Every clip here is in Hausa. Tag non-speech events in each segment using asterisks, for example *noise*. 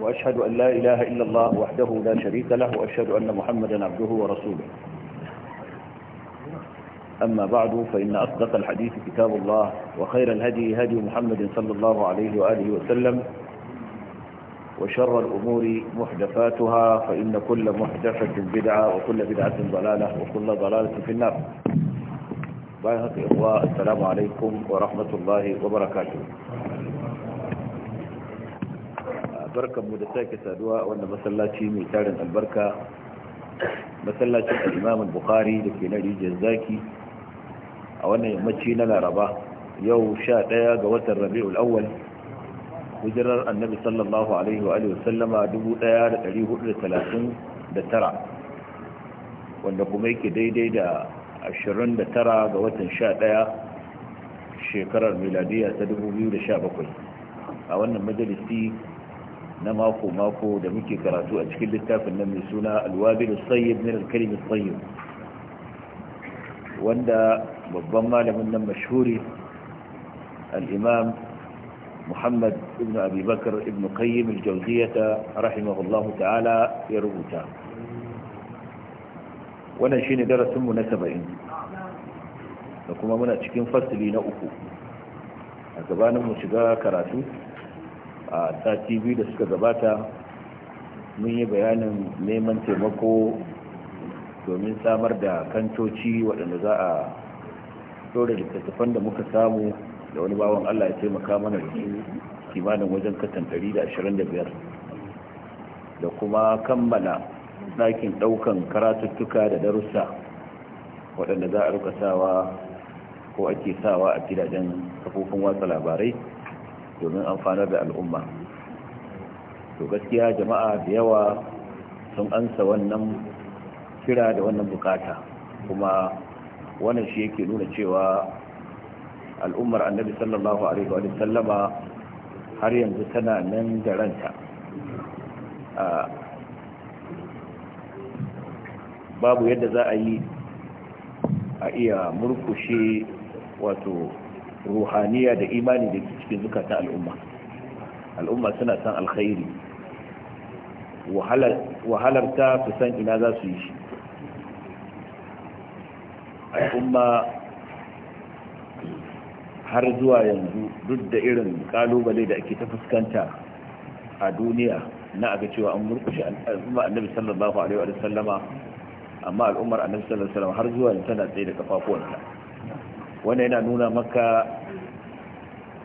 وأشهد أن لا إله إلا الله وحده لا شريك له وأشهد أن محمدا عبده ورسوله أما بعد فإن أصدق الحديث كتاب الله وخير الهدي هدي محمد صلى الله عليه وآله وسلم وشر الأمور محدثاتها فإن كل محدثة بدعة وكل بدعة ضلالة وكل ضلالة في النار bayan haka yawa assalamu alaikum wa rahmatullahi wa barakatuh barkanmu da sake saduwa wanda masallaci mai tarin albarka masallacin Alimamin bukari bukhari da ke na rijiyar zaki a wannan yammaci na laraba yau sha ɗaya ga watan rabi'ul awwal hijirar annabi sallallahu alaihi wa alihi wasallama tara, wanda kuma yake daidai da 29 ga watan 11 shekarar miladiya ta 2017 a wannan majalisi na mako-mako da muke karatu a cikin littafin nan mai suna alwabilu sayyid min alkalimi sayyid wanda babban malamin nan mashhuri al-imam محمد ابن أبي بكر ابن قيم الجوزية رحمه الله تعالى يربطه wannan shine darasinmu na saba'in da kuma muna cikin fasili na uku a gabanin mu shiga karatu a sati biyu da suka gabata mun yi bayanin neman taimako domin samar da kantoci waɗanda za a ɗora littattafan da muka samu da wani bawan allah ya taimaka mana da su kimanin wajen katan 125 da kuma kammala ɗakin ɗaukan karatuttuka da darussa waɗanda za a rika sawa ko ake sawa a gidajen kafofin watsa labarai domin amfanar da al'umma to gaskiya jama'a da yawa sun ansa wannan kira da wannan bukata kuma wannan shi yake nuna cewa al'ummar annabi sallallahu alaihi wa sallama har yanzu tana nan da ranta babu yadda za a yi a iya murkushe wato ruhaniya da imani da ke cikin zukatan al'umma al'umma suna san alkhairi ta su san ina za su yi shi al'umma har zuwa yanzu duk da irin kalubale da ake ta fuskanta a duniya na aga cewa an murkushe al'umma annabi sallallahu alaihi wa sallama amma al'ummar annabi sallallahu alaihi wasallam har zuwa yanzu tana tsaye da kafafuwanta wannan yana nuna maka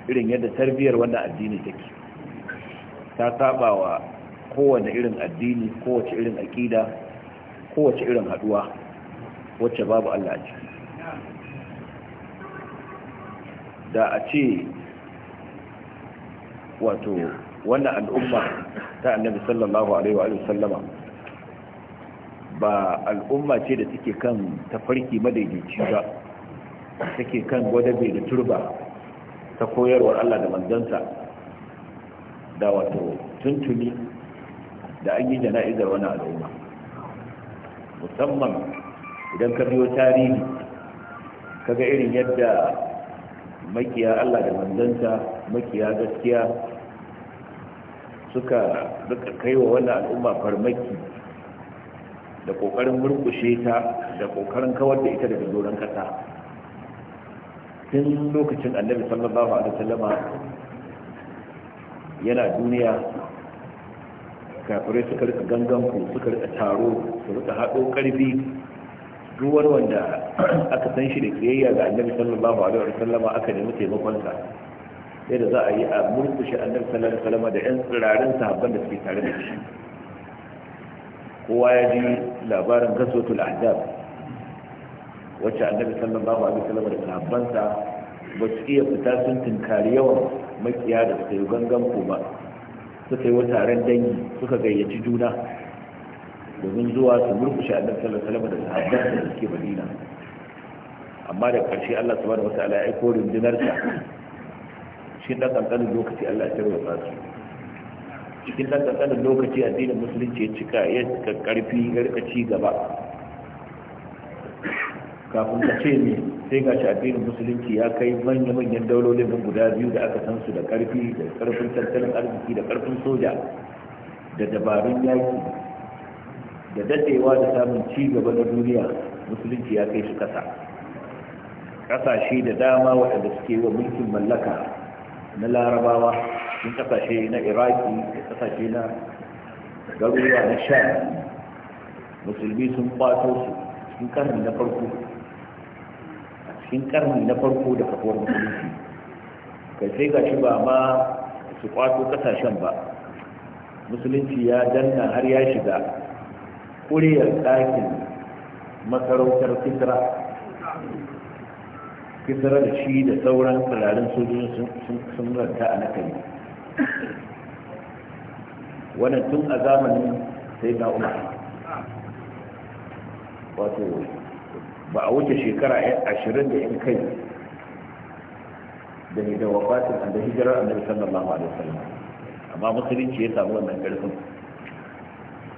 irin yadda tarbiyar wannan addini take ta saba wa kowane irin addini kowace irin aqida kowace irin haduwa wacce babu Allah a ciki da a ce wato wannan al'umma ta annabi sallallahu alaihi wa sallama ba al'umma ce da take kan tafarki madaidaici ba take kan gwadabe da turba ta koyarwar Allah da manzansa da wato tuntuni da an yi jana'izar wani al'umma musamman idan ka biyo tarihi kaga irin yadda makiya Allah da manzansa makiya gaskiya suka rika kaiwa wannan al'umma farmaki da kokarin murkushe ta da kokarin kawar da ita daga doron kasa tun lokacin annabi sallallahu alaihi wasallama yana duniya kafirai suka rika ganganku suka rika taro su rika haɗo ƙarfi duwar wanda aka san shi da kiyayya ga annabi sallallahu alaihi wasallama aka nemi taimakon taimakonsa sai da za a yi a murkushe annabi sallallahu alaihi wasallama da 'yan tsirarin sahabban da suke tare da shi kowa ya ji labarin gaswatul ahdab wacce annabi sallallahu alaihi wasallam da sahabbansa ba su iya fita sun tinkari yawan makiya da suka yi gangan ko ba suka yi wa taron dangi suka gayyaci juna domin zuwa su murkushe annabi sallallahu alaihi wasallam da sahabbansa da suke madina amma da ƙarshe Allah subhanahu wataala ya aiko rundunarsa shi dan kankanin lokaci Allah ya tarwata su cikin ɗan ƙanƙanin lokaci addinin musulunci ya cika ya cika ƙarfi ya ci gaba kafin ka ce ne sai ga shi addinin musulunci ya kai manya-manyan daulolin nan guda biyu da aka san su da ƙarfi da ƙarfin tattalin arziki da ƙarfin soja da dabarun yaki da dadewa da samun ci gaba na duniya musulunci ya kai shi kasa ƙasashe da dama waɗanda suke wa mulkin mallaka na larabawa cikin kasashe na iraki da kasashe na garuruwa na sha musulmi sun kwato su cikin karni na farko a cikin karni na farko da kafuwar musulunci kai sai ga shi ba ma su kwato kasashen ba musulunci ya danna har ya shiga kuriyar ɗakin masarautar fitra kisra da shi da sauran tsirarin sojojin sun ranta a nakari wannan tun a zamanin sai na umar wato ba a wuce shekara ashirin da yan kai da da wafatin da hijirar annabi sallallahu alaihi wasallam amma musulunci ya samu wannan karfin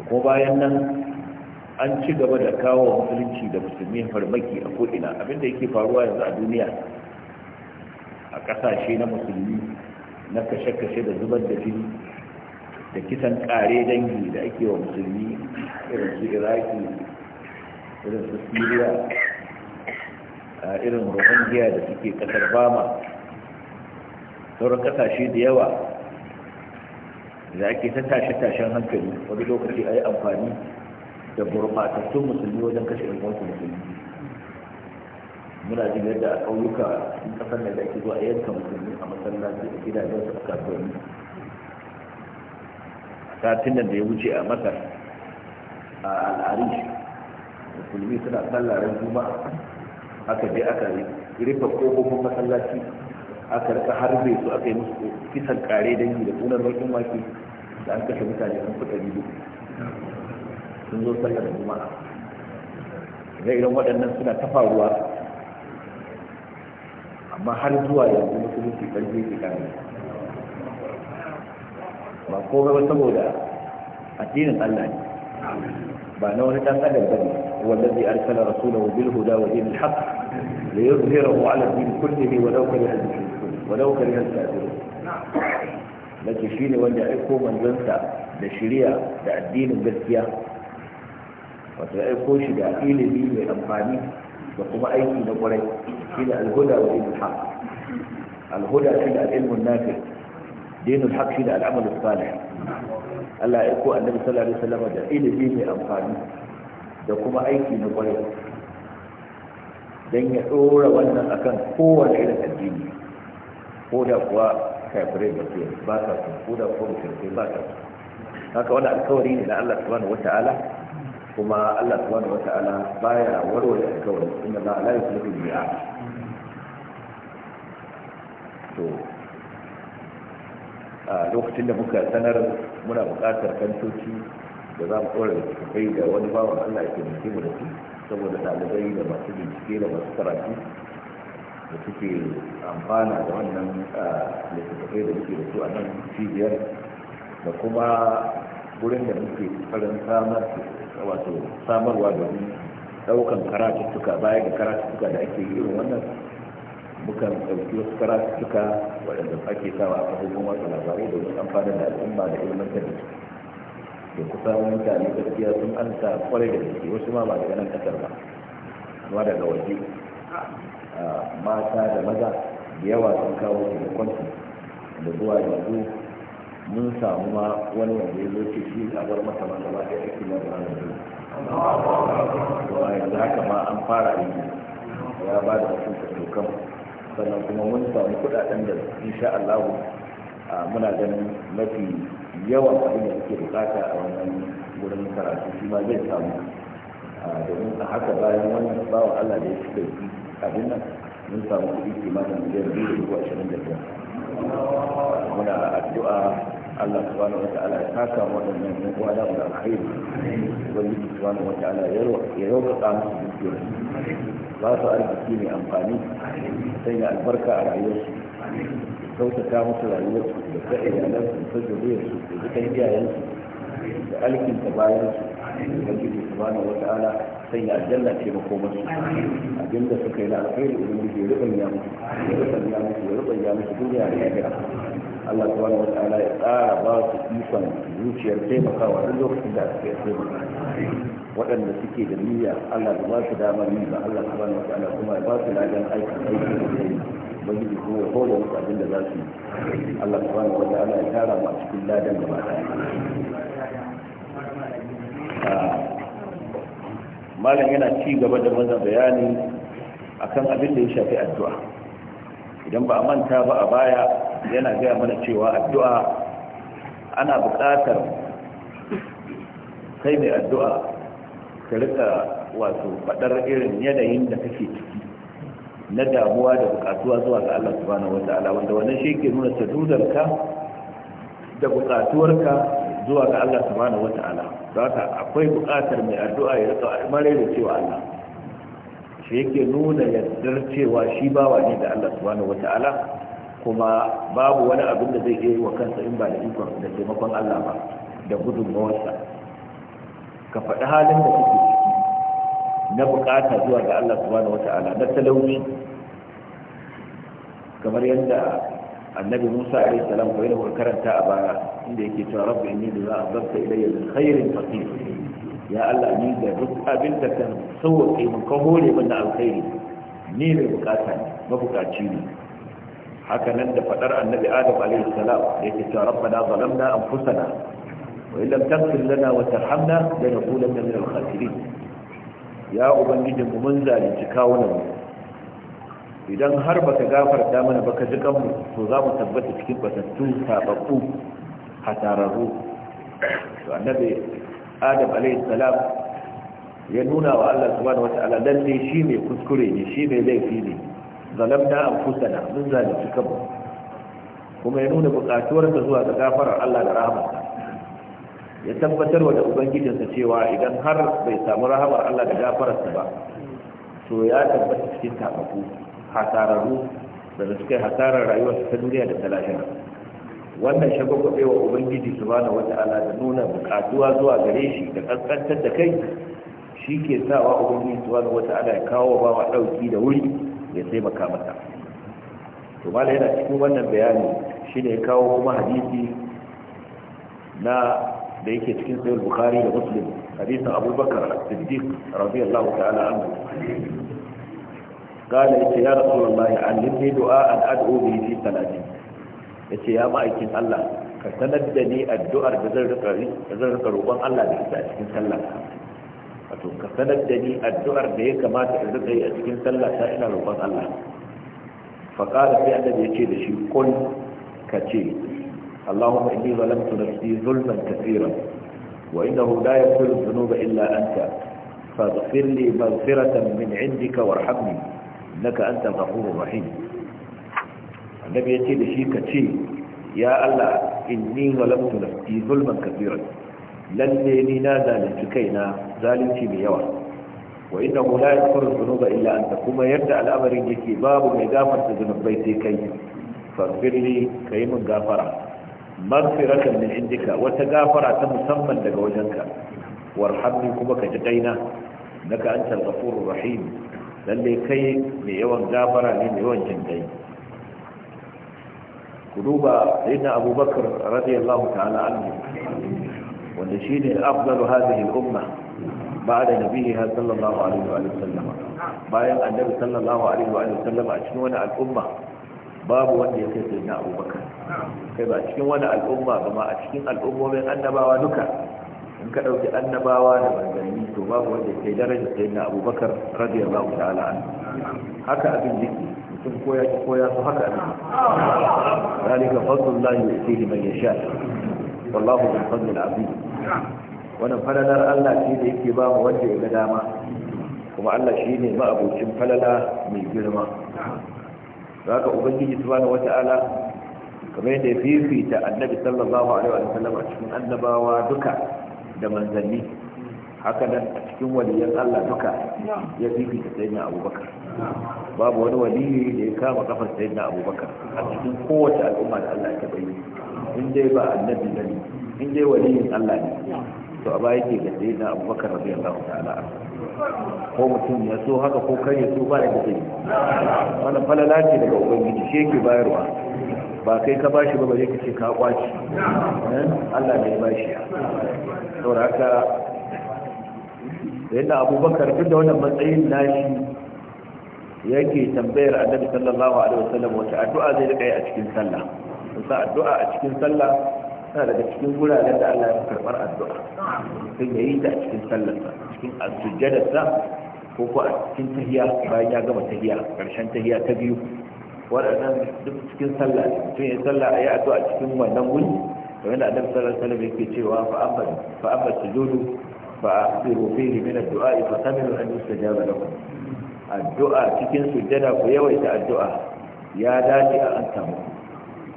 ko bayan nan an ci gaba da kawo musulunci da musulmi farmaki a ko'ina abinda yake faruwa yanzu a duniya a ƙasashe na musulmi na kashe-kashe da zubar da jini da kisan kare dangi da ake wa musulmi irin su iraki irin su syria irin rohingya da suke kasar bama sauran kasashe da yawa da ake ta tashe-tashen hankali wani lokaci a yi amfani da gurbatattun musulmi wajen kashe ɗan wasu muna jin yadda a ƙauyuka a cikin ƙasar da ake zuwa yanka musulmi a masallaci a gidajen su a kasuwanni a satin nan da ya wuce a masar a al'arish musulmi suna tsallaren juma'a aka je aka rufe ƙofofin masallaci aka rika harbe su aka yi musu kisan kare dangi da sunan bakin wake da an kashe mutane sun fita biyu sun zo sallar juma'a Zai iren waɗannan suna ta faruwa amma har zuwa yanzu musulunci karfi ke kan ba komai ba saboda addinin Allah ne ba na wani dan adam bane wallazi arsala rasulahu bil huda wa dinil haqq li yuzhirahu ala din kullihi wa law kariha al mushrikun wa law kariha al kafirun lakin shine wanda ya aiko manzansa da shari'a da addinin gaskiya wato ya aiko shi da ilimi mai amfani da kuma aiki na ƙwarai. shine al-huda wa dinul haq al-huda shine al-ilmu an-nafi dinul haq shine al-amal Allah ya ko annabi sallallahu alaihi da ilimi mai amfani da kuma aiki na kwarai dan ya dora wannan akan kowane irin ko da kuwa da ba ko da kuwa ba haka wani alkawari ne na Allah subhanahu wata'ala kuma Allah subhanahu wata'ala baya warware alkawari inna la la yukhlifu al to a lokacin da muka sanar muna bukatar kantoci da za mu da littattafai da wani bawan allah ya taimake mu da su saboda ɗalibai da masu bincike da masu karatu da suke amfana da wannan littattafai da muke da su a nan cibiyar da kuma wurin da muke farin samar wato samarwa domin ɗaukan karatuttuka baya ga karatuttuka da ake yi irin wannan mukan ɗauki wasu karatuka waɗanda ake sawa a kafofin watsa labarai wasu amfanar da al'umma da ilmantar da su da kusa mutane gaskiya sun an sa kwarai da gaske wasu ma ba daga nan kasar ba amma daga waje mata da maza da yawa sun kawo su da zuwa yanzu mun samu ma wani wanda ya zo ke shi a bar masa masa ba ɗaya ake na ba na yanzu haka ma an fara aiki ya ba da wasu tattakan sannan kuma mun samu kudaden da insha Allah muna ganin mafi yawan abin da suke bukata a wannan wurin karatu shi ma zai samu domin a haka bayan wannan bawa Allah da ya suka yi abin nan mun samu kuɗi kimanin miliyan biyu da dubu ashirin da biyar muna addu'a Allah subhanahu wa ta'ala ya saka waɗannan ko uwa da alkhairi ubangiji subhanahu wa ta'ala ya roƙa musu dukiyar ba su arziki mai amfani sanya albarka a rayuwarsu kyautata musu rayuwarsu da ta iyalansu ta zuriyarsu da dukan iyayensu da alkinta bayansu ubangiji subhanahu wa ta'ala sanya aljanna ce makomarsu abinda suka yi na alkhairi ubangiji ya rubanya musu ya rubanya musu ya rubanya musu duniya da lahira Allah wata ala ya tsara ba su ikon zuciyar taimakawa duk lokacin da aka yi taimaka waɗanda suke da niyya Allah ya ba su damar yi ba Allah wata ala kuma ya ba su lajen aikin aiki da zai yi kuma ya kowa musu abin da za su yi Allah wata ala ya tara ba a cikin ladan gaba ɗaya ah, malam yana ci gaba da maza bayani akan abin da ya shafi addu'a idan ba a manta ba a baya yana gaya mana cewa addu'a ana buƙatar kai mai addu'a ka rika wato faɗar irin yanayin da kake ciki na damuwa da buƙatuwa zuwa ga Allah subhanahu ta'ala wanda wannan shi ke nuna sadudarka da buƙatuwarka zuwa ga Allah subhanahu ta'ala don haka akwai buƙatar mai addu'a ya rika mare da cewa Allah shi yake nuna yardar cewa shi bawa ne da Allah subhanahu ta'ala kuma babu wani abin da zai iya yi wa kansa in ba da ikon da taimakon Allah ba da gudunmawarsa ka faɗi halin da kake ciki na bukata zuwa ga Allah subhanahu wata'ala na talauci kamar yadda annabi Musa alaihi salam ko yana karanta a baya inda yake cewa rabbi inni da za'abta ilayya min khairin faqir ya Allah ni da duk abin da kan sauke mun kawo hore mun da alkhairi ni ne bukata ne mabukaci ne haka nan da fadar annabi adam alaihi salam yake cewa rabbana zalamna anfusana wa illam taghfir lana wa tarhamna lanakunanna min al-khasirin ya ubangiji mu mun zalunci kawunan mu idan har baka gafarta mana baka ji kanmu to za mu tabbata cikin batattu sababbu hatararru to annabi adam alaihi salam ya nuna wa Allah subhanahu wa ta'ala lalle shi mai kuskure ne shi mai laifi ne a anfusana mun zalunci kanmu kuma ya nuna ta zuwa ga gafarar Allah da rahamarsa ya tabbatar wa da ubangijinsa cewa idan har bai samu rahamar Allah da gafararsa ba to ya tabbata cikin tabaku hasararru da suka yi hasarar rayuwarsa ta duniya da ta lahira wannan shagwagwabe wa ubangiji subhanahu wata'ala da nuna bukatuwa zuwa gare shi da kaskantar da kai shi ke sawa ubangiji subhanahu wata'ala ya kawo bawa dauki da wuri ya taimaka mata to mala yana cikin wannan bayani shi ne kawo kuma hadisi na da yake cikin sayar bukari da muslim hadisin abubakar siddiq radiyallahu ta'ala anhu قال يتي يا رسول du'a علمني دعاء أدعو به في صلاتي ya يا ma'aikin allah ka sanar da ni addu'ar da zan rika roƙon Allah da ita a cikin sallah wato ka sanar da ni addu'ar da ya kamata in rika yi a cikin sallah ta ina roƙon Allah fa qala sai annabi ya ce da shi kun ka ce Allahumma inni zalamtu nafsi zulman kaseeran wa innahu la yaghfiru dhunuba illa anta faghfir li maghfiratan min 'indika warhamni innaka antal ghafurur rahim annabi ya ce da shi ka ce ya Allah inni zalamtu nafsi zulman kaseeran lalle ni na zalunci kaina zalunci mai yawa wa inna hu la yaghfiru dhunuba illa anta kuma yadda al'amarin yake babu mai gafarta zunubai sai kai fasbirli kai mun gafara maghfiratan min indika wata gafara ta musamman daga wajenka warhamni kuma ka ji daina naka antal ghafurur rahim lalle kai mai yawan gafara ne mai yawan jin dai ku duba sayyidina abubakar radiyallahu ta'ala anhu wanda shi ne afdalu hadhihi al-umma ba'da nabiha sallallahu alaihi wa sallama bayan annabi sallallahu alaihi wa sallama a cikin wani al'umma babu wanda ya kai na abubakar kai ba cikin wani al'umma ba ma a cikin al'ummomin annabawa duka in ka ɗauki annabawa da manzanni to babu wanda ya kai daraja darajar na abubakar radiyallahu ta'ala anhu haka abin yake mutum koya ki koya su haka ne zalika fadlullahi yu'tihi man yasha wallahu bil fadli al azim wannan falalar Allah shi da yake ba mu wanda ya ga dama kuma Allah shi ne ma'abocin falala mai girma haka ubangiji su wata ala? kamar yadda ya fifita annabi sallallahu alaihi wa sallam a cikin annabawa duka da manzanni haka nan a cikin waliyan Allah duka ya fifita sayyidina Abubakar babu wani waliyi da ya kama kafar sayyidina Abubakar a cikin kowace al'umma da Allah ya taɓa yi in dai ba annabi ne in dai waliyin Allah ne to a baya ke ga sai abubakar rabi Allah ta'ala ko mutum ya so haka ko kai so ba da zai wannan falala ce daga ubangiji shi yake bayarwa ba kai ka bashi ba ba ka ce ka kwaci eh? Allah ne ya bashi saboda haka yadda abubakar duk da wannan matsayin nashi yake tambayar annabi sallallahu alaihi wasallam wace addu'a zai rika yi a cikin sallah sa addu'a a cikin sallah na daga cikin guraren da Allah ya karɓar addu'a sun ya yi ta a cikin sallarsa cikin sujjadarsa ko ko a cikin tahiya bayan ya gama tahiya karshen tahiya ta biyu waɗannan duk cikin sallah mutum ya sallah a yi addu'a cikin wannan wuri kamar da annabi sallallahu alaihi wasallam yake cewa fa amma fa amma sujudu fa asiru fihi min ad-du'a fa tamilu an yustajaba lakum addu'a cikin sujjada ku yawaita addu'a ya dace a an samu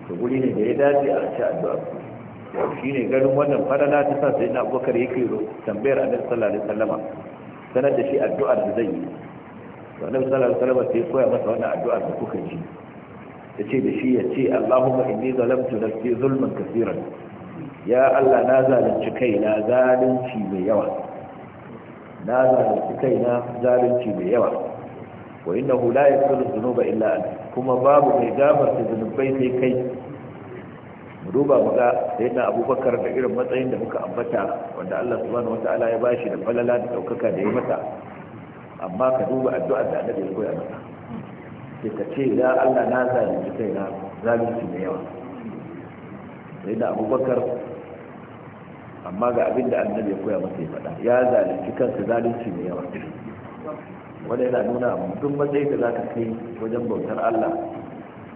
to guri ne da ya dace a ci addu'a shi ne ganin wannan farala ta sa sai na abubakar yake tambayar annabi sallallahu alaihi wasallama sanar da shi addu'ar da zai yi to annabi sallallahu alaihi wasallama sai koya masa wannan addu'ar da kuka ji ce da shi ya yace Allahumma inni zalamtu nafsi zulman kaseeran ya Allah na zalunci kaina zalunci mai yawa na zalunci kaina zalunci mai yawa wa innahu la yaghfiru dhunuba illa anta kuma babu mai gafarta zunubai sai kai duba muga sai na abubakar da irin matsayin da muka ambata wanda Allah subhanahu wataala ya bashi da falala da daukaka da ya mata amma ka duba addu'ar da annabi ya koya mata sai ka ce ya Allah na zalunci kai na zalunci da yawa sai da abubakar amma ga abin da annabi ya koya mata ya faɗa ya zalunci kansa zalunci mai yawa wanda yana nuna mutum matsayin da za ka kai wajen bautar Allah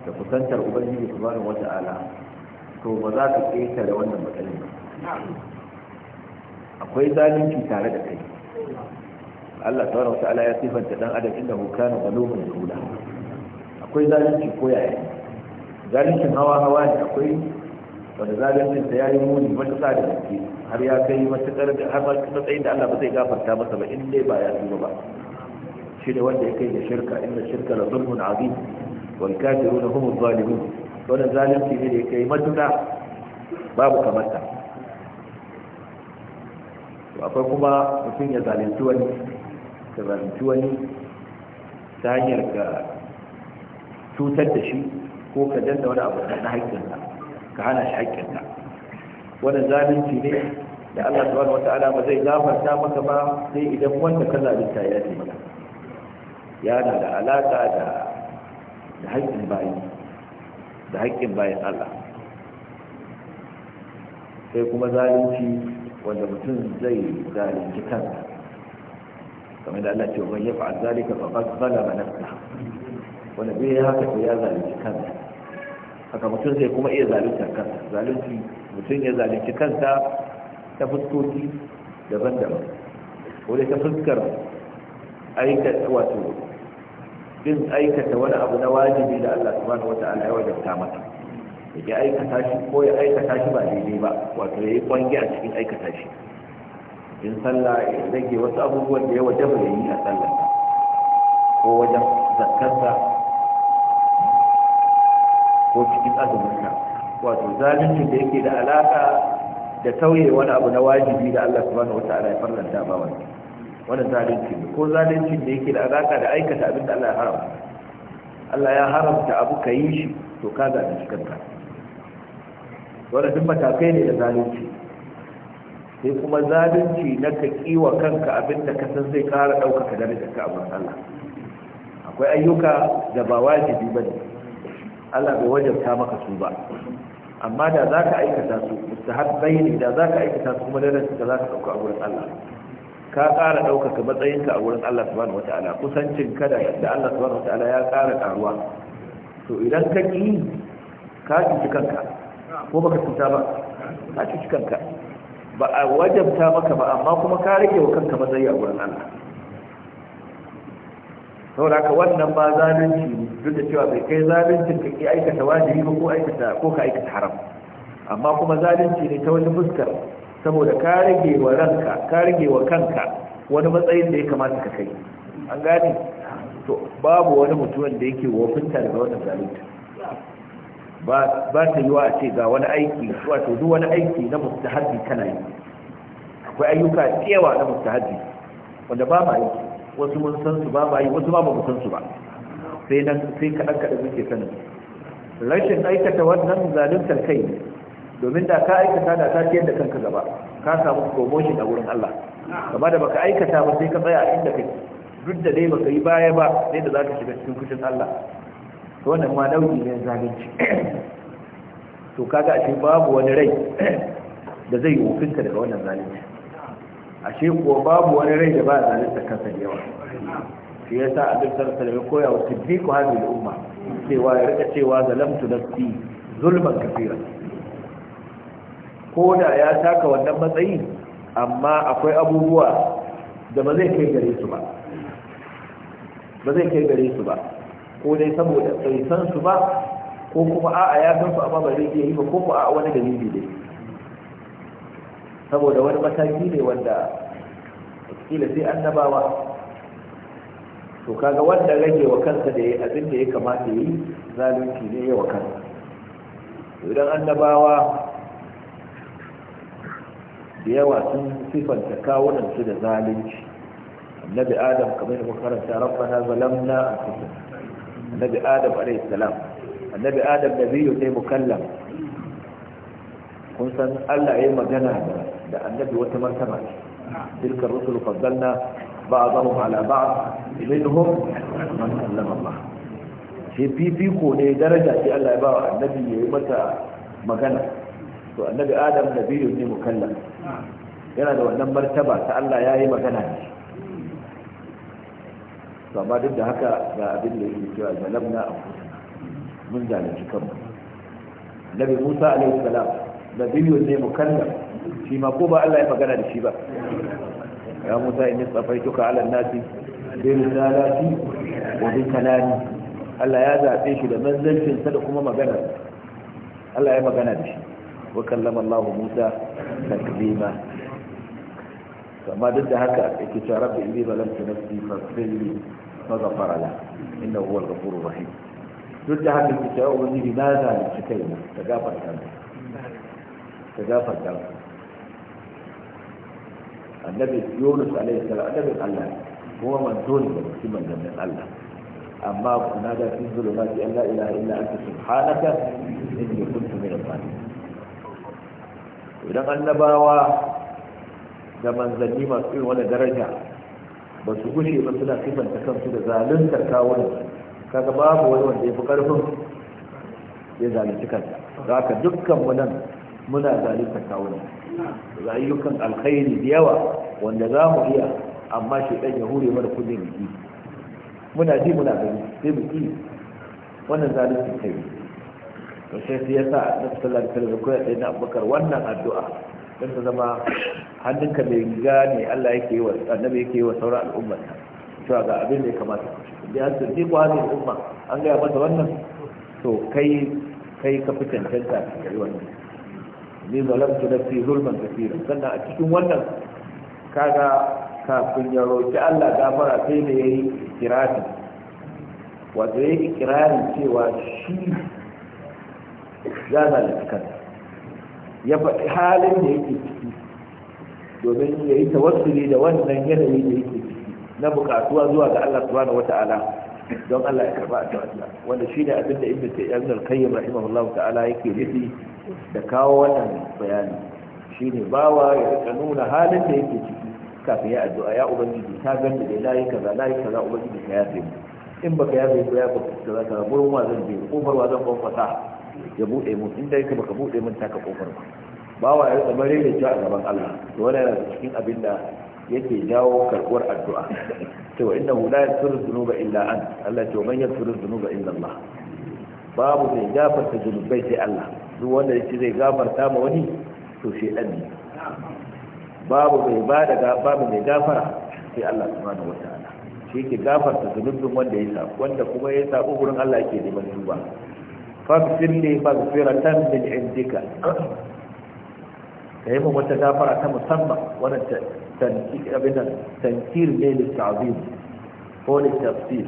da kusantar ubangiji subhanahu wata'ala to ba za ka ƙetare wannan matsalin ba akwai zalunci tare da kai Allah ta wasu ala ya sifanta dan adam inda hukana zalumin jula akwai zalunci ko yaya zaluncin hawa hawa ne akwai wanda zaluncin ta yayi muni matuƙa da gaske har ya kai matuƙar da har matsayin da Allah ba zai gafarta masa ba in dai ba ya tuba ba shi ne wanda ya kai da shirka inda shirka la zulmun azim wal kafiruna hum adh-dhalimun wannan zalunci ne da ya kai matuƙa babu kamata akwai kuma mutum ya zalunci wani ta zalunci wani ta hanyar ka cutar da shi ko ka danna wani abu na haƙƙinsa ka hana shi haƙƙinsa wani zalunci ne da Allah subhanahu wata'ala ba zai gafarta maka ba sai idan wanda ka zalunta ya ce ya na da alaƙa da da haƙƙin bayi da haƙƙin bayan Allah sai kuma zalunci wanda mutum zai zalunci kansa kamar da Allah ce wa ya fa'al zalika fa qad zalama nafsa wanda bai haka sai ya zalunci kansa haka mutum zai kuma iya zalunta kansa zalunci mutum ya zalunci kansa ta fuskoki daban-daban ko dai ta fuskar aikata wato bin aikata wani abu na wajibi da Allah subhanahu wata'ala ya wajabta mata ya aikata shi ko ya aikata shi ba daidai ba wato ya yi kwangi a cikin aikata shi in sallah ya rage wasu abubuwan da ya wajaba ya yi a sallah ko wajen zakkarsa ko cikin azuminka wato zalincin da yake da alaka da tauye wani abu na wajibi da Allah subhanahu wata'ala ya farlanta ba wani wannan zalunci ko zalincin da yake da alaka da aikata abin da Allah ya haramta Allah ya haramta abu ka yi shi to ka zalunci kanka wanda duk matakai ne da zalunci sai kuma zalunci na ka kiwa kanka abin da ka san zai kara ɗaukaka darajar ka a wurin Allah akwai ayyuka da ba wajibi bane Allah bai wajabta maka su ba amma da za ka aikata su mustahabbai ne da za ka aikata su kuma da ka za ka ɗauka a wurin Allah ka kara ɗaukaka matsayinka a wurin Allah subhanahu wata'ala kusancin ka da Allah subhanahu wata'ala ya kara karuwa to idan ka ƙi ka cuci kanka ko baka cuta ba ka cuci kanka ba a wajabta maka ba amma kuma ka rage wa kanka matsayi a wurin Allah saboda haka wannan ba zalunci duk da cewa bai kai zaluncin ka ki aikata wajibi ba ko aikata ko ka aikata haram amma kuma zalunci ne ta wani fuskar saboda ka rage wa ranka ka rage wa kanka wani matsayin da ya kamata ka kai an gane to babu wani mutumin da yake wofinta daga wannan zalunta ba ba ta yiwa a ce ga wani aiki wato duk wani aiki na mustahabi kana yi akwai ayyuka tsewa na mustahabi wanda ba ma yi wasu mun san su ba ma yi wasu ba mu san su ba sai nan sai kaɗan kaɗan muke sanin rashin aikata wannan zaluntar kai ne domin da ka aikata da ta ciyar da kanka gaba ka samu promotion a wurin Allah kamar da baka aikata ba sai ka tsaya a inda kake duk da dai baka yi baya ba sai da zaka shiga cikin kushin Allah to wannan ma nauyi ne zalunci to kaga cikin babu wani rai da zai hukunta daga wannan zalunci ashe kuwa babu wani rai da ba zalunta kansa da yawa shi yasa duk Sallallahu ya koya wa tabbiku hadhihi al-umma cewa ya rika cewa zalamtu nafsi zulman kafira. ko da ya taka wannan matsayi amma akwai abubuwa da ba zai kai gare su ba ba zai kai gare su ba ko dai saboda bai san su ba ko kuma a'a ya san su amma ba zai iya yi ba ko kuma a'a wani dalili dai saboda wani mataki ne wanda kila sai annabawa to kaga wanda rage wa kansa da yayi abin da ya kamata yi zalunci ne ya wa kansa idan annabawa da yawa sun sifanta kawunan su da zalunci annabi adam kamar da makaranta rabbana zalamna anfusana annabi adam alayhi salam annabi adam nabiyyu ne mukallam kun san Allah yayi magana da annabi wata martaba tilka rusul faddalna ba'dahum ala ba'd minhum man kallama Allah shi fifiko ne daraja ce Allah ya ba wa annabi yi mata magana to annabi adam nabiyyu ne mukallam yana da wannan martaba ta Allah ya yi magana da shi to amma duk da haka ga abin da yake cewa zalamna a mun zalunci kanmu nabi musa alaihi salam nabiyun ne mukallam shi ma ko ba Allah ya magana da shi ba ya musa in tsafaituka ala nasi bi risalati wa bi kalami Allah ya zabe shi da manzancin sa da kuma magana Allah ya magana da shi وكلم الله موسى تكليما فما ضد هكا اكتشى ربي إني ظلمت نفسي فاغفر لي فغفر له إنه هو الغفور الرحيم ضد هكا اكتشى أمني لماذا لشكينا تجافر كان تجافر كان النبي يونس عليه السلام النبي الله هو من دون من من الله أما نادى في الظلمات أن لا إله إلا أنت سبحانك إني كنت من الظالمين idan annabawa da manzanni masu irin wani daraja ba su gushe ba suna sifanta kansu da zaluntar kawon kaga babu wani wanda ya fi karfin ya zalunci kansa Za ka dukkan mu nan muna zaluntar kawon da ayyukan alkhairi da yawa wanda za mu iya amma shi ɗan ya hure mana kullum yi muna ji muna gani sai mu yi wannan zalunci kai to sai su yasa annabi sallallahu alaihi wasallam koyar da Abubakar wannan addu'a don ta zama hannunka mai riga ne Allah yake yi wa annabi yake yi wa sauran al'ummar cewa ga abin da ya kamata da ya tsirki jiko hannun al'umma an gaya mata wannan to kai kai ka fi cancanta a kai wannan ni zalamtu nafsi zulman fira sannan a cikin wannan kaga kafin ya roki Allah gafara sai da yayi kirari wato ya yayi kirari cewa shi ya zalunci kansa ya faɗi halin da yake ciki domin ya yi tawassuli da wannan yanayi da yake ciki na bukatuwa zuwa ga Allah subhanahu wata'ala don Allah ya karba a ta'ala wanda shine abin da Ibn Taymiyya al-Qayyim rahimahullahu ta'ala yake nufi da kawo wannan bayani shine bawa ya rika nuna halin da yake ciki kafin ya addu'a ya ubangiji ta ganda da layi kaza layi kaza ubangiji ka yafe mu in baka yafe ba ya baka kaza kaza gurin wa zan je kofar wa zan kwankwasa ya buɗe mun inda yake baka buɗe mun taka kofar ba wa ya tsamar rere ja a gaban Allah to wani yana cikin abin da yake jawo karɓuwar addu'a to inna hu la yaghfiru dhunuba illa an Allah to man yaghfiru dhunuba illa Allah babu mai gafarta zunubai sai Allah duk wanda yake zai gafarta ma wani to shi dan ne babu mai bada babu da gafara sai Allah subhanahu wataala shi yake gafarta zunubin wanda ya sa wanda kuma ya sa gurin Allah yake neman tuba faghfir li maghfiratan min indika yi mu wata gafara ta musamman wannan tankir abin tankir ne littafin ko littafin. tafsir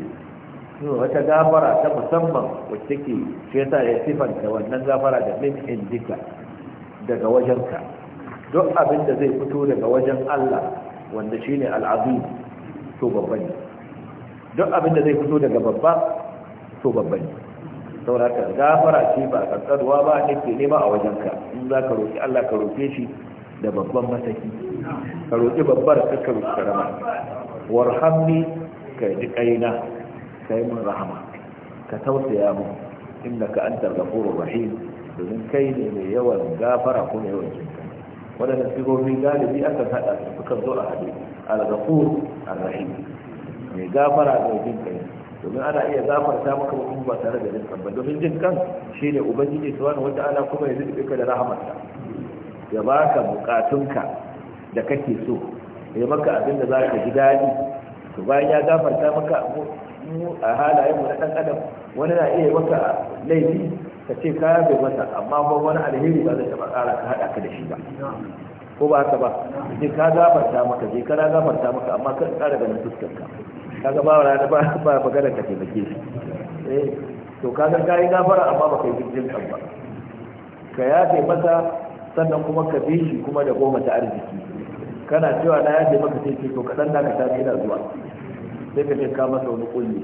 wata gafara ta musamman wacce ke shi yasa ya sifanta wannan gafara da min indika daga wajenka duk abin da zai fito daga wajen Allah wanda shi shine al'azim to babban duk abin da zai fito daga babba to babban ne sauraka gafara ce ba a kankanuwa ba ne nema a wajenka in za ka roƙi Allah ka roƙe shi da babban mataki ka roƙi babbar ka ka roƙi karama warhamni ka yi ƙaina ka yi mun rahama ka tausaya mu inda ka antar furu rahim domin kai ne mai yawan gafara ko mai yawan jinka waɗanda sigobi galibi aka haɗa su kan zo a haɗe al-ghafur al rahim mai gafara mai jinka domin ana iya gafarta maka mutum ba tare da rinkan ba domin jin kan shi ne ubangiji subhanahu wata ana kuma ya zuɗe ka da rahamarsa ya baka bukatunka da kake so ya maka abin da za ka ji daɗi to bayan ya gafarta maka a halayen na ɗan adam wani na iya maka laifi ka ce kaya bai masa amma ba wani alheri ba zai taɓa ƙara ka haɗa ka da shi ba ko ba haka ba je ka gafarta maka je kana gafarta maka amma ka ƙara ganin fuskar ka kaga ba da ba ba magana ka taimake shi eh to kaga yi gafara amma ba kai jin kan ba ka yafe masa sannan kuma ka bi shi kuma da goma ta arziki kana cewa na yafe maka sai ce to ka dan ka tafi ina zuwa sai ka ce ka masa wani kulli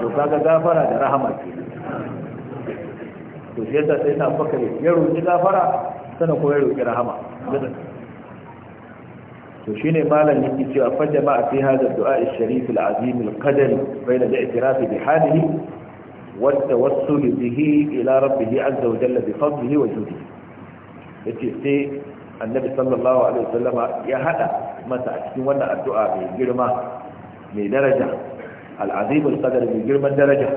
to kaga gafara da rahama ce to shi yasa sai na fakare ya roki gafara sannan kuma ya roki rahama to shine malam yake cewa fa jama'a fi hada du'a al-sharif al-azim al-qadari bayna al-i'tiraf bi halihi wa tawassul bihi ila rabbih azza wa jalla bi fadlihi wa judihi yace sai annabi sallallahu alaihi wasallama ya hada masa a cikin wannan addu'a mai girma mai daraja al-azim al-qadari mai girman daraja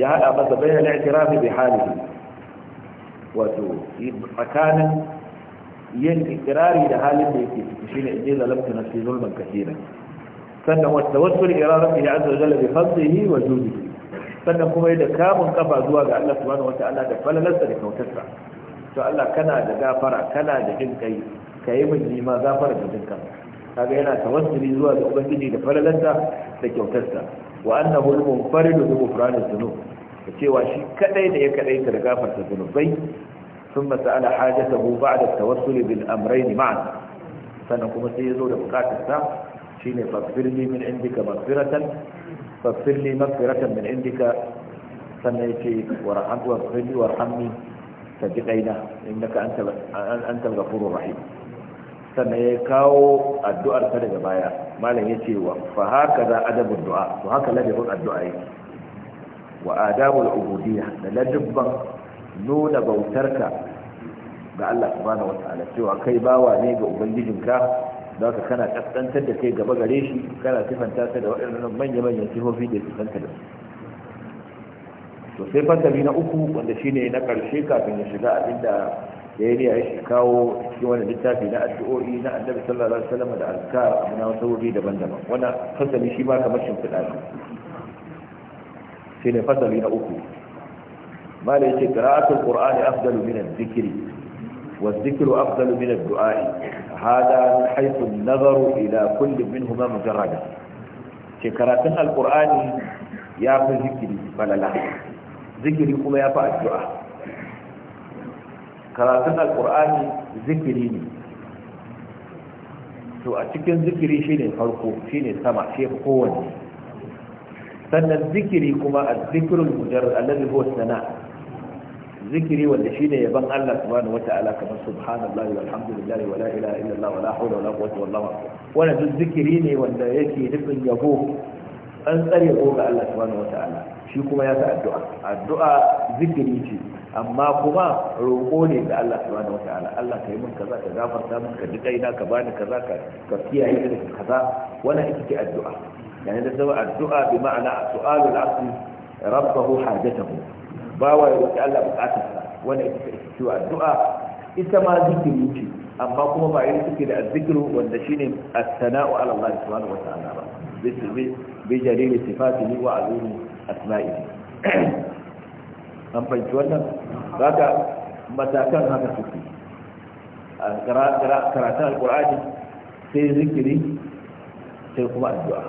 ya hada masa bayna al-i'tiraf bi halihi wato tsakanin yin ikirari da halin da yake ciki shine idza na nafsi zulman kashira sannan wa tawassul ila rabbih azza wa jalla bi fadlihi wa judihi sannan kuma yadda kamun kafa zuwa ga Allah subhanahu ta'ala da falalarsa da kautarsa to Allah kana da gafara kana da jin kai kai min nima gafara da jin kai kaga yana tawassuli zuwa ga ubangiji da falalarsa da kyautarsa wa annahu al-munfaridu bi ghufrani dhunub cewa shi kadai da ya kadai ta da gafarta zunubai ثم سأل حاجته بعد التوسل بالأمرين معا فنقوم سيزو لبقات الساعة شيني فاغفر لي من عندك مغفرة فاغفر لي مغفرة من عندك سنيتي ورحمت واغفر لي وارحمني صدقينا إنك أنت أنت الغفور الرحيم sannan ya kawo addu'ar ta daga baya malam ya ce wa fa haka za adabin du'a to haka ladabin addu'a yake wa adabul ubudiyya da ladabban nuna bautarka ga Allah subhanahu wata'ala cewa kai bawa ne ga ubangijinka za ka kana kaskantar da kai gaba gare shi kana sifanta ta da waɗannan manya-manyan sifofi da sifanta da su to sai fasali na uku wanda shine na ƙarshe kafin ya shiga abinda da ya ya kawo cikin wani littafi na addu'o'i na annabi sallallahu alaihi wasallam da azkar a na wasu wuri daban-daban wannan fasali shi ma kamar shimfiɗa ne shi ne fasali na uku ما ليس قراءة القرآن أفضل من الذكر والذكر أفضل من الدعاء هذا من حيث النظر إلى كل منهما مجردا شكرات القرآن يأخذ ذكري فلا لا ذكري كما يفعل الدعاء karatun alkur'ani zikiri ne to a cikin zikiri shine farko shine sama shi kowanne sannan zikiri kuma a zikirin mujarrad allazi huwa sana'a zikiri wanda shine yaban Allah subhanahu wataala kamar subhanallahi walhamdulillahi wala ilaha illallah wala hawla wala quwwata illa billah wannan duk zikiri ne wanda yake nufin yabo an tsare yabo ga Allah subhanahu wataala shi kuma ya sa addu'a addu'a zikiri ce amma kuma roƙo ne da Allah subhanahu wataala Allah ka yi min kaza ka gafarta min ka duka na ka bani kaza ka ka kiyaye ni kaza wannan ita ce addu'a yani da zama addu'a bi ma'ana su'alul asli rabbahu hajatahu bawa ya wuce Allah bukatarsa wanda ita ta ita cewa addu'a ita ma zikiri ce amma kuma ba yin suke da azzikiru wanda shine as-sana'u ala Allah subhanahu wa ta'ala ba bisbi bi jalil sifatihi wa azimi asma'ihi an fahimci wannan zaka matakan haka suke karatun Al-Qur'ani sai zikiri sai kuma addu'a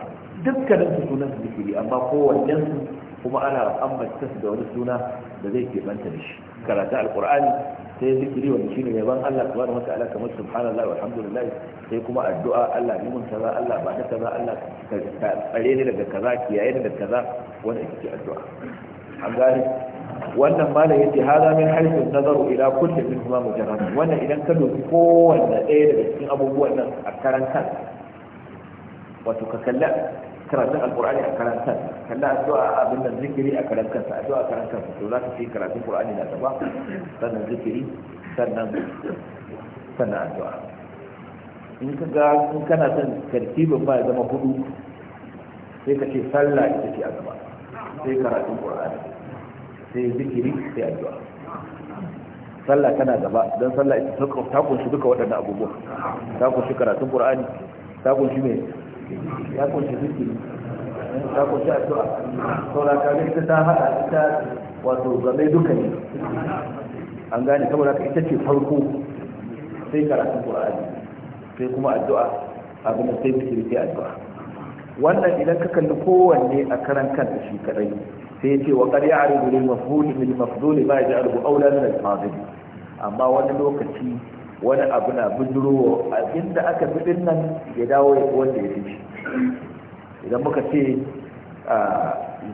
dukkanin su sunan zikiri amma kowannen su kuma ana ambata da wani suna da zai keɓanta da shi karata alkur'ani sai zikiri wanda shine yaban Allah subhanahu wataala kamar subhanallahi walhamdulillah sai kuma addu'a Allah ni mun kaza Allah ba da kaza Allah ka tsare ni daga kaza kiyaye ni daga kaza wanda yake addu'a an gane wannan ma da yace hada min harfin nazaru ila kulli min huma mujarrad wannan idan ka doki kowanne daya daga cikin abubuwan nan a karanta. wato ka kalla karatun alkur'ani a karantar kalla addu'a abin da zikiri a karantar ta addu'a a karantar to za ka fi karatun alkur'ani na gaba sannan zikiri sannan sannan addu'a in ka ga in kana son tartibin ba ya zama hudu sai ka ce sallah ita ce a gaba sai karatun alkur'ani sai zikiri sai addu'a sallah tana gaba don sallah ita ta kunshi duka waɗannan abubuwa ta kunshi karatun alkur'ani ta kunshi mai ya kunshi zikiri ya kunshi addu'a saboda kaga ita ta hada ita wato game duka ne an gane saboda ka ita ce farko sai karatun qur'ani sai kuma addu'a abin da sai zikiri sai addu'a wannan idan ka kalli kowanne a karan kanta shi kadai sai ce wa qad ya'ridu lil mafhul lil mafdul ma ya'ridu awla min al-fadil amma wani lokaci wani abu na bijirowa da aka bidin nan ya dawo wanda ya fi idan muka ce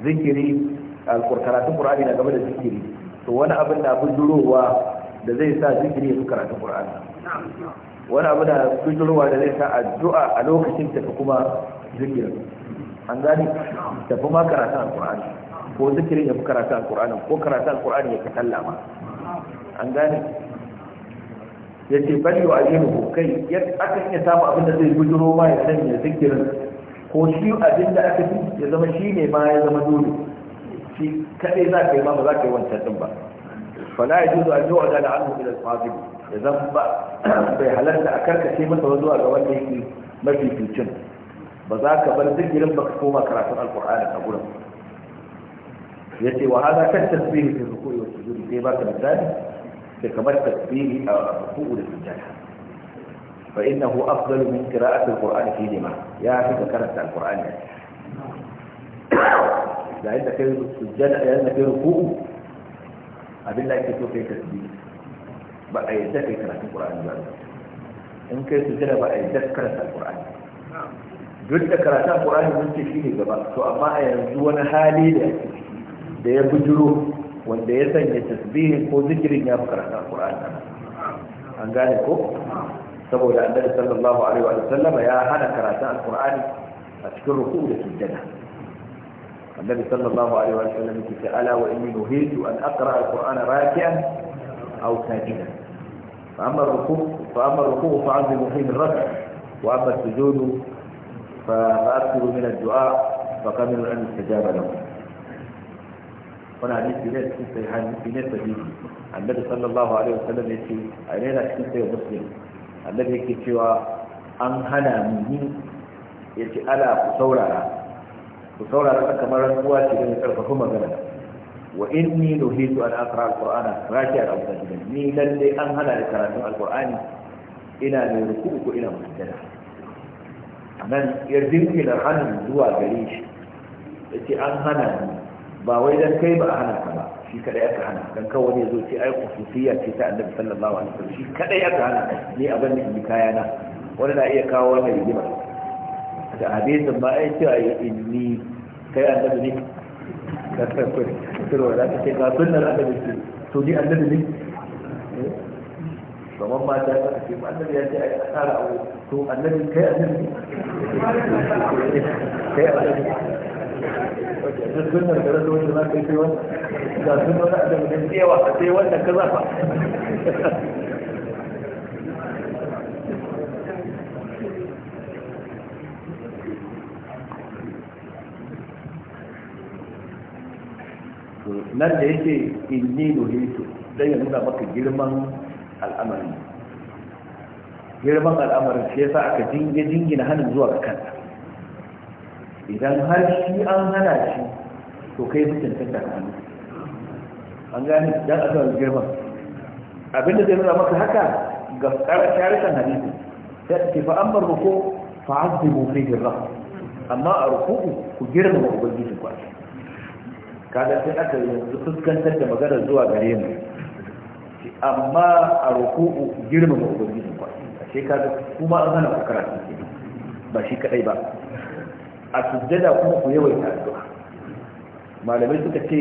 zikiri karatun ƙur'ani na gaba da zikiri to wani abu na bijirowa da zai sa zikiri ya fi karatun ƙur'ani wani abu na bijirowa da zai sa addu'a a lokacin tafi kuma zikiri an gani tafi ma karatun ƙur'ani ko zikirin ya fi karatun ƙur'ani ko karatun ƙur'ani ya fi tallama an gani ya ce bari wa ajiyar hukai ya aka iya samu abin da zai bujiro ma ya sanya zikirin ko shi abin da aka fi ya zama shi ne ma ya zama dole shi kaɗai za ka yi ma ba za ka yi wancan ɗin ba fala ya juzo zuwa yi wa dala an hukunan fasibi ya zama ba bai halarta a karkace masa zuwa ga wanda yake mafi cucin ba za ka bar zikirin ba ka koma karatun alkur'ani a gurin ya ce wa hada kan tasbihi fi rukuri wa sujudi sai ba ka misali kamar tasbihi a ruku'u da sujjada fa innahu afdalu min qira'ati alqur'ani fi jima ya fi karanta alqur'ani da kai sujjada ya inda kai abin da ake so kai tasbihi ba a yadda kai karatu ƙurani ba in ba a duk da karatun qur'ani mun ce shi ne gaba to amma a yanzu wani hali da ya bujuro wanda ya sanya tasbihin ko zikirin ya fi karatun alkur'ani an gane ko saboda annabi sallallahu alaihi wa sallama ya hana karatun alkur'ani a cikin ruku da sujjada annabi sallallahu alaihi wa sallam yake ce ala wa inni nuhitu an aqra alqur'ana raki'an aw sajidan fa amma ruku fa amma ruku fa azimu fi ar-rak'a wa amma sujudu fa aqsiru min ad-du'a fa kamilu an istajaba lahu wani hadisi ne cikin sai hadisi ne sahihi annabi sallallahu alaihi wasallam ya ce a yana cikin sai muslim annabi yake cewa an hana mu ya ce ala ku saurara ku saurara kamar rantsuwa ce don karfafa magana wa inni nuhitu an aqra alqur'ana raki'an aw sajidan ni lalle an hana da karatun alqur'ani ina ne ruku'u ko ina musjada anan yardin kila hanin zuwa gare shi yace an hana ni ba wai dan kai ba a hana ka ba shi kadai aka hana dan kawai wani zo ce ai khususiyya ce ta annabi sallallahu alaihi wasallam shi kadai aka hana ne a da in kaya na wani na iya kawo wani rigima da hadisin ba ai cewa inni kai annabi ne ka tafi turwa da ka ce ka sunnar annabi ce to ni annabi ne eh? kamar mata ta ta ce ba annabi ya ce ai a tsara abu to annabi kai annabi *laughs* kai annabi duk sunan da rasu wacce za ka yi wani ga sun wani a daga da yawa a sai wanda ka zafa nan da yake inni nuhitu dan ya nuna maka girman al'amari girman al'amarin shi yasa aka dinge dingina hannun zuwa ga kanta idan har shi an hana shi to kai mutum ta hannu an gane don a zuwa girma abinda zai nuna maka haka ga karshen hadisi ta ke fa an ko fa azbi mu fi jirra amma a rukuku ku girma ma ubangiji ku kada sai aka yanzu fuskantar da magana zuwa gare mu amma a rukuku girma ma ubangiji ku ashe kaga kuma an hana karatu ba shi kadai ba a sujjada kuma ku yawaita addu'a malamai suka ce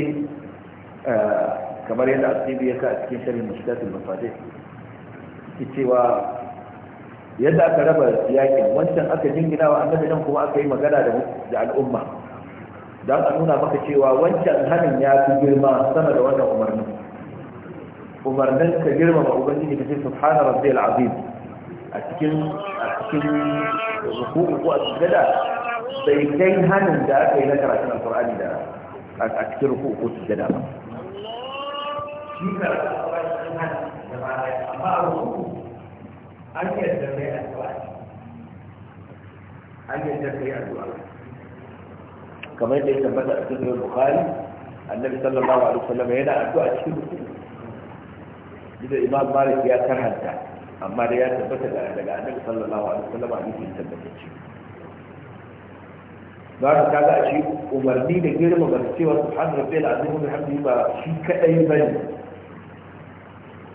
ah, kamar yadda asibi ya sa a cikin shirin mashikatul mafade ki cewa yadda aka raba yakin wancan aka jingina wa annabi nan kuma aka yi magana da al'umma don a nuna maka cewa wancan hannun ya fi girma sama da wannan umarnin umarnin ka girma ma ubangiji ka ce subhana rabbiyal azim a cikin a cikin ruku'u ko a sujjada سيدتين هن انت اكي لك رأسنا القرآن دا اكترفو قوت الجدام كما يجب أن بدأ سيدنا البخاري النبي صلى الله عليه وسلم هنا أدعو أشكر إذا إمام مالك يا كرهتا أما رياض بدأ النبي صلى الله عليه وسلم أن يجب ba ka kaga a shi umarni da girma ba cewa su hannu rafi da azumin da hamdi ba shi kadai ba ne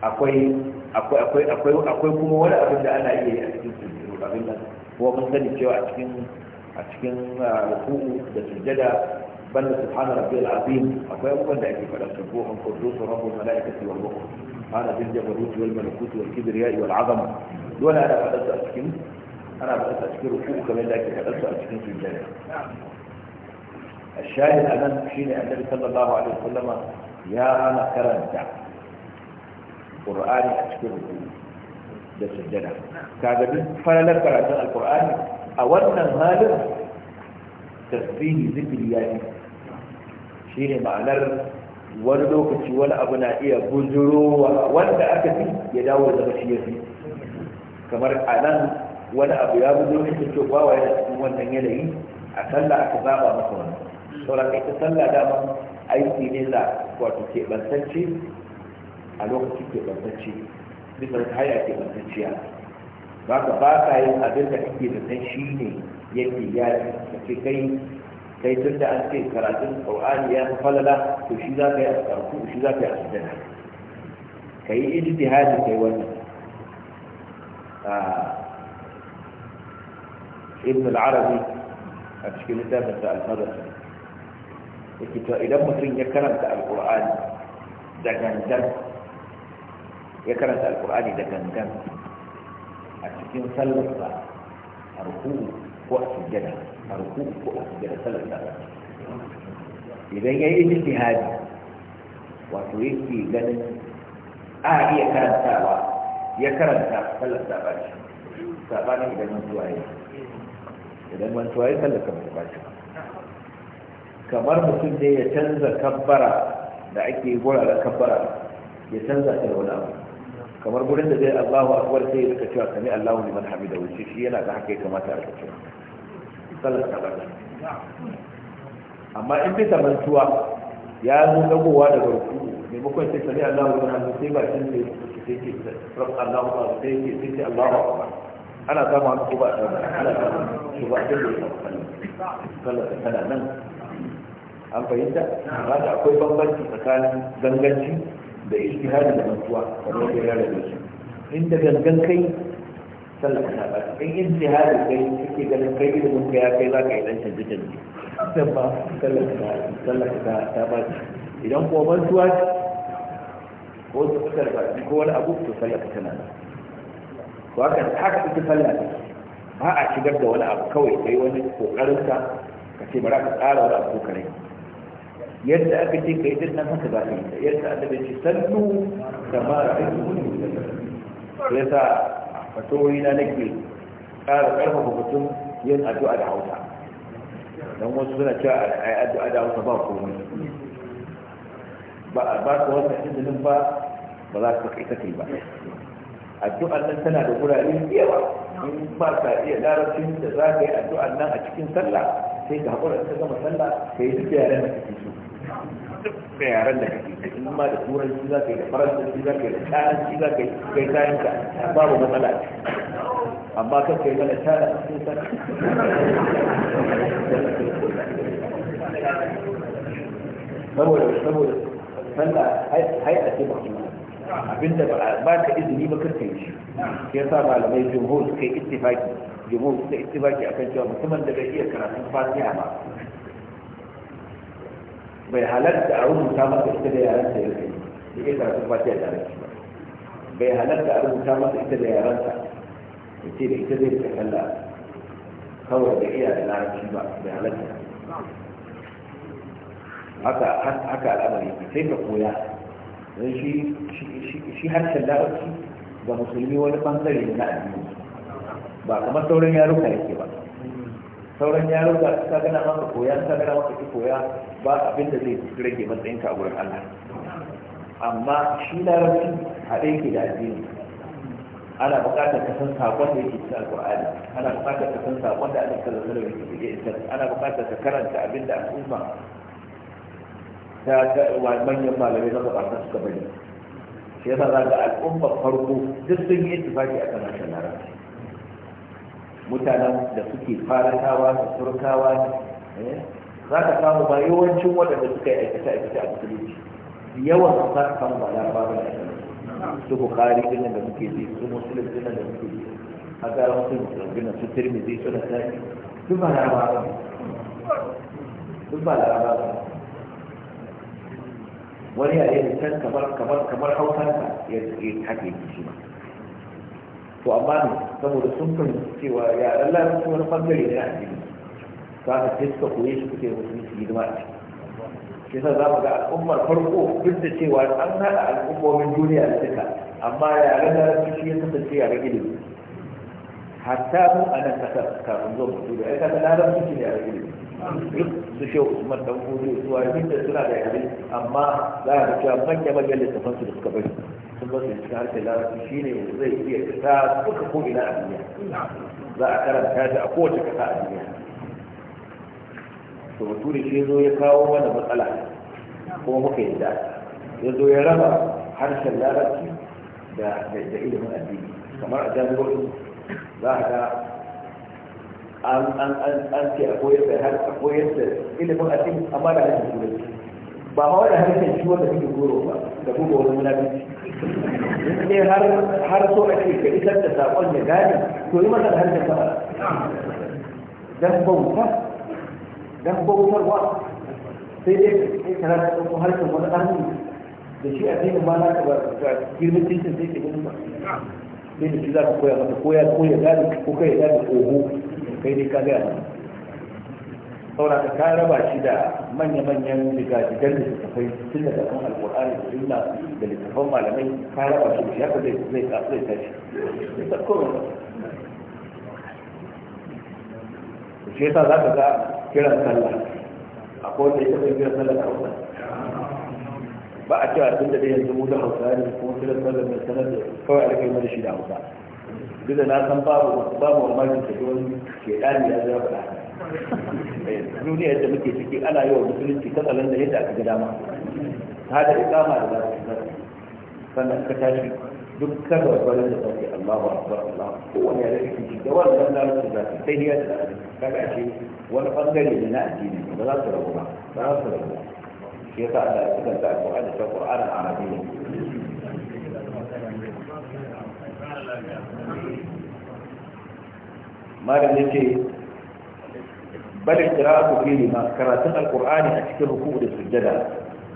akwai akwai kuma wani abin da ana iya yi a cikin sujjuru abin nan kuma mun sani cewa a cikin a cikin ah, ruku'u da sujjada banda subhana rabbil azim akwai abubuwan da ake faɗa subuhun su rabbul malaikati wal ruh ana bil jabarut wal malakut wal kibriya wal azama dole ana faɗa su a cikin ana faɗa a cikin ruku kamar da ake faɗa su a cikin sujjada الشاهد أمام شيني النبي صلى الله عليه وسلم يا أنا كرنت قرآن أشكره da sujjada kaga duk falalar karatun alkur'ani a wannan halin tasbihi zikiri ya yi shi ne ma'anar wani lokaci wani abu na iya bujurowa wanda aka fi ya dawo da zama kamar a nan wani abu ya bugo ne ta ba wa yana cikin wannan yanayi a sallah aka zaba masa wannan saboda kai ta da dama aiki ne da wato bantacce a lokacin keɓantacce bisa ta haya ya ba ka ba ka yin abin da kake da san shi ne yake ya ce kai kai tun da an ce karatun qur'ani ya falala to shi za ka yi a shi za ka yi a sujjada ka yi ijtihadi kai wannan ah, ابن العربي أشكل ده بس المدرسة إذا إذا مثلا يكرنت القرآن دكان دم يكرنت القرآن دكان دم أشكل سلطة أركوب فوق السجدة أركوب فوق السجدة سلطة إذا يجي الاجتهاد وتويكي لن أعي آه، يكرنت يكرنت سلطة باش سابقا إذا نمتوا عليه idan mantuwa ya tallaka mai bashi kamar mutum ne ya canza kabbara da ake da kabbara ya canza ta da wani abu kamar gurin da zai Allahu akbar sai ya rika cewa sami Allahu liman hamida wuce shi yana da haka ya kamata a cewa sallar ta bata amma in bisa mantuwa ya zo dagowa daga ne maimakon sai sami Allahu liman hamida sai ba shi ne sai ke Allahu akbar sai ke sai Allahu akbar ana samu haka ko ba a samu ana samu su ba a samu sallar ta tana nan an fahimta haka akwai bambanci tsakanin ganganci da ishtihadi da mantuwa kamar da ya rabe su inda gangan kai sallar ta ba in ishtihadi kai kake ganin kai ilimin ka ya kai za ka yi dan canje canje sai ba sallar ta ta ba idan kuma mantuwa ko su suka ko wani abu to sallar ta nan to haka haka ita sallah ba a shigar da wani abu kawai yi wani kokarin ka ka ce za ka tsara wani abu kare yadda aka ce kai din nan haka za ka yi yadda aka ce sallu kamar ayyukan musulmi sai sa fatoyi na nake ƙara karfafa mutum yin addu'a da hausa don wasu suna cewa a yi addu'a da hausa ba komai ba a ba su wasu izinin ba ba za su kai kai ba addu'an nan tana da gurare yawa in ba ka iya larabcin da za ka yi addu'an nan a cikin sallah sai ka haƙura ta gama sallah ka yi duk yaren da kake so duk yaren da kake so in ma da turanci za ka yi da faransanci za ka yi da kayanci za ka yi kai kayan ka babu matsala amma kan kai mana tara cikin sallah saboda saboda sallah hai a cikin ba abinda ba ka izini ba karka yi shi ya sa malamai jumhur suka yi ittifaki jumhur suka yi ittifaki akan cewa musamman da bai iya karatun fatiha ba bai halatta a rubuta masa ita da yaran sa ya kai ya karatun fatiha da yaran ba bai halatta a rubuta masa ita da yaran sa ya ce da ita zai ta kalla kawai da iya da larabci ba bai halatta haka haka al'amari sai ka koya don shi shi harshen larabci ga musulmi wani bangare na addini ba kamar sauran yaruka yake ba sauran yaruka ka gana maka koya ta gana maka ki koya ba abin da zai rage matsayinka a wurin Allah amma shi larabci haɗe yake da addini ana buƙatar ka san saƙon da yake cikin alƙur'ani ana buƙatar ka san saƙon da Allah sallallahu alaihi wasallam yake da ana buƙatar ka karanta abin da al'umma ta manyan malamai na ta suka bari shi yasa za ga al'ummar farko duk sun yi a kan harshen larabci mutanen da suke faratawa da turkawa eh, za ka samu ba yawancin waɗanda suka yi aikata aikata a musulunci yawan za ka samu ba larabawa da aikata su bukari dinnan da muke ji su musulun dinnan da muke ji a ga musulun dinnan su tirmidhi su da sani duk ba ba duk ba ba wani yare da can kamar kamar kamar hausarsa ya haƙe shi ma to amma ne saboda sun fahimci cewa yaren larabci wani bangare ne a addini za ka sai suka koye shi kuke musulunci hidima a cikin. shi sa za mu ga al'ummar farko duk da cewa an haɗa al'ummomin duniya da duka amma yaren larabci shi ya kasance yaren ilimi hatta mu a nan kasar kafin zuwa mutu da ya kasa larabci shi ne yaren ilimi duk su ce umar dan hudu zuwa duk da suna da yare amma za a cewa manya manyan littafan su da suka bari sun ba su yi cikin harshen larabci shine zai iya fita duka ko ina a duniya za a karanta shi a kowace kasa a duniya to bature shi zo ya kawo mana matsala kuma muka yi yadda ya zo ya raba harshen larabci da ilimin addini kamar a jami'o'i za a ga an an ce a koyar da har a koyar da ilimin addini amma da harshen turanci ba ma wani harshen shi wanda kake goro ba da kuma wani munafici ne har har so ake ka isar da sakon ya gane to yi masa da harshen fara bauta bautarwa sai dai sai kana da ɗauko harshen wani arni da shi addinin ma na ka ba girman titin sai ke gudu ba sai da shi za ka koya masa koya koya gane ko kai gane oho kai ne ka gaya mana saboda ka raba shi da manya-manyan diga-digan da suka fai tun daga kan alkur'ani da suna da littafan malamai ka raba shi da shi haka zai zai tashi da tsakko ne shi yasa za ka ga kiran sallah a wanda ya taɓa kiran sallah da hausa ba a cewa tun da dai yanzu mu da hausa ne kuma kiran sallah mai sanar da kawai a shi da hausa duk da na san babu babu mamakin da wani ke dani ya zama ba eh, duniya da muke ciki ana yi wa musulunci katsalan da yadda aka ga dama ta da ikama da za su sannan ka tashi duk kada wani da sauke Allahu akbar Allah ko wani ya rike shi da wannan da su da sai ya da kaga shi wani bangare ne na addini ba za su rabu ba ba za su rabu shi yasa Allah ya kanta Qur'ani da Qur'an Arabiya malam yake bal qira'atu fi lima karatun alqur'ani a cikin ruku'u da sujjada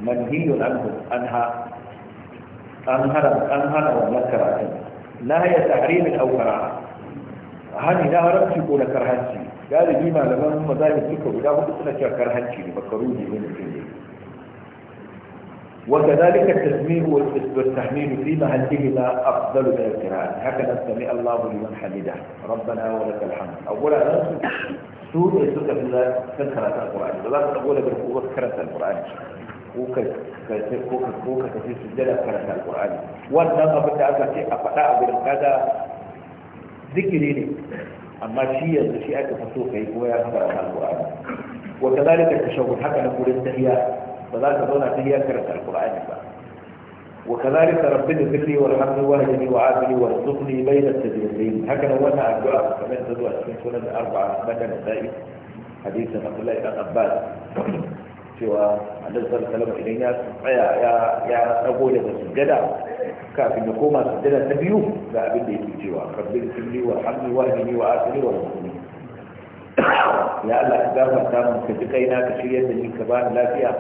manhiyun anhu anha an haram an hana wannan karatun la ya tahrim al awqara hani da haramci ko da karhanci galibi malaman mazahib suka guda hudu suna cewa karhanci ne bakaru ne ne وكذلك التسميه والتحميل في محله لا افضل من القران هكذا سمع الله لمن حمده ربنا ولك الحمد اولا سوء سوء سكرة القران لا تقول بالقوه سكرة القران وكذلك كوكا في سجل سكرة القران والنظر بدا اكثر افتاء بالقدا ذكريني اما شيء شيء اكثر سوء يقول سكرة القران وكذلك التشوه هكذا نقول التحيات ba za ka zauna ta hiyar karanta alkur'ani ba wa kazalika rabbi da zikri wal hamdu wa hajji wa azli wa tuqni bayna tajridain haka nan wannan addu'a kamar ta zuwa cikin sunan arba'a banda da sa'i hadisin abdullahi ibn abbas cewa annabi sallallahu alaihi wasallam idan ya tsaya ya ya dago daga sujjada kafin ya koma sujjada ta biyu ga abin da yake cewa rabbi zikri wal hamdu wa hajji wa azli wa tuqni ya Allah ka gafarta mun ka ji kaina ka shirya da ni ka bani lafiya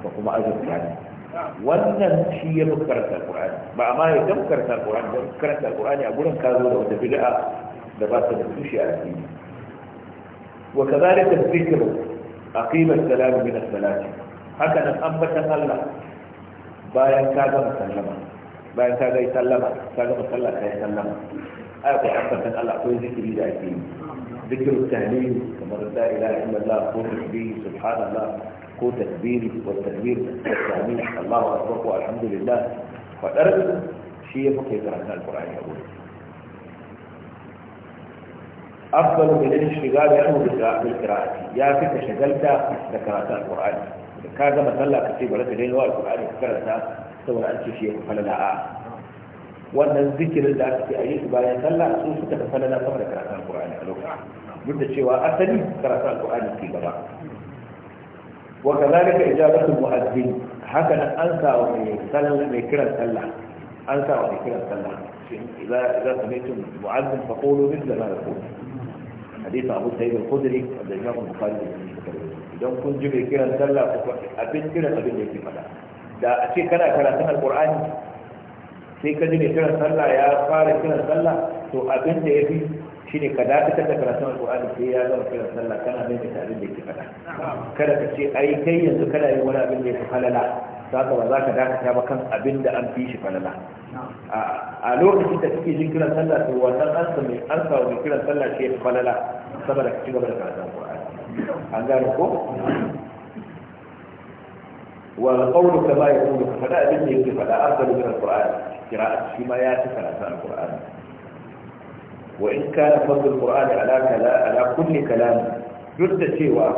ka kuma azurta ni wannan shi ya fi karanta alqur'ani ba amma ya dan karanta alqur'ani dan karanta alqur'ani a gurin ka zo da wata bid'a da ba ta da tushe a cikin wa kadhalika fikru aqima as-salam min as-salat haka nan ambatan Allah bayan ka gama sallama bayan ka ga sallama ka gama sallah kai sallama ai akwai ambatan Allah akwai zikiri da ake yi ذكر التهليل كما لا اله الا الله قوه تسبيح سبحان الله قوه تكبير والتكبير والتهليل يعني الله اكبر والحمد لله فدرس شيء في عن القران يقول أفضل من الانشغال عنه يعني بالقراءة يا فيك شغلت بقراءة القرآن كذا مثلا كتب لك لين القرآن كرتا سوى أنت شيء فلا لا wannan zikirin da aka ce a yi bayan sallah su suka da na saboda da karatun alkur'ani a lokacin duk da cewa asali karatun alkur'ani ke gaba wa kazalika ijabatu mu'azzin haka nan an sa wa mai sallah mai kiran sallah an sa wa mai kiran sallah idza idza sami'tum mu'azzin fa qulu mithla ma yaqulu hadith abu sa'id al-khudri da imam bukhari da muslim idan kun ji mai kiran sallah ku abin kiran abin da yake faɗa da a ce kana karatun alkur'ani sai ka ji kiran sallah ya fara kiran sallah to abin da ya fi shi ne ka dakatar da karatun alƙur'ani sai ya zama kiran sallah kana mai da abin da yake faɗa kada ka ce ai kai yanzu kana yin wani abin da ya fi falala saka ba za ka dakata ba kan abin da an fi shi falala a lokacin da kake jin kiran sallah to wannan an samu an samu kiran sallah shi ya falala saboda ka ci gaba da karatun alƙur'ani an gane ko والقول كما يقول فلا أبن يكفي فلا أفضل من القرآن قراءة فيما يأتي فلا القرآن وإن كان فضل القرآن على كلا على كل كلام جد سوى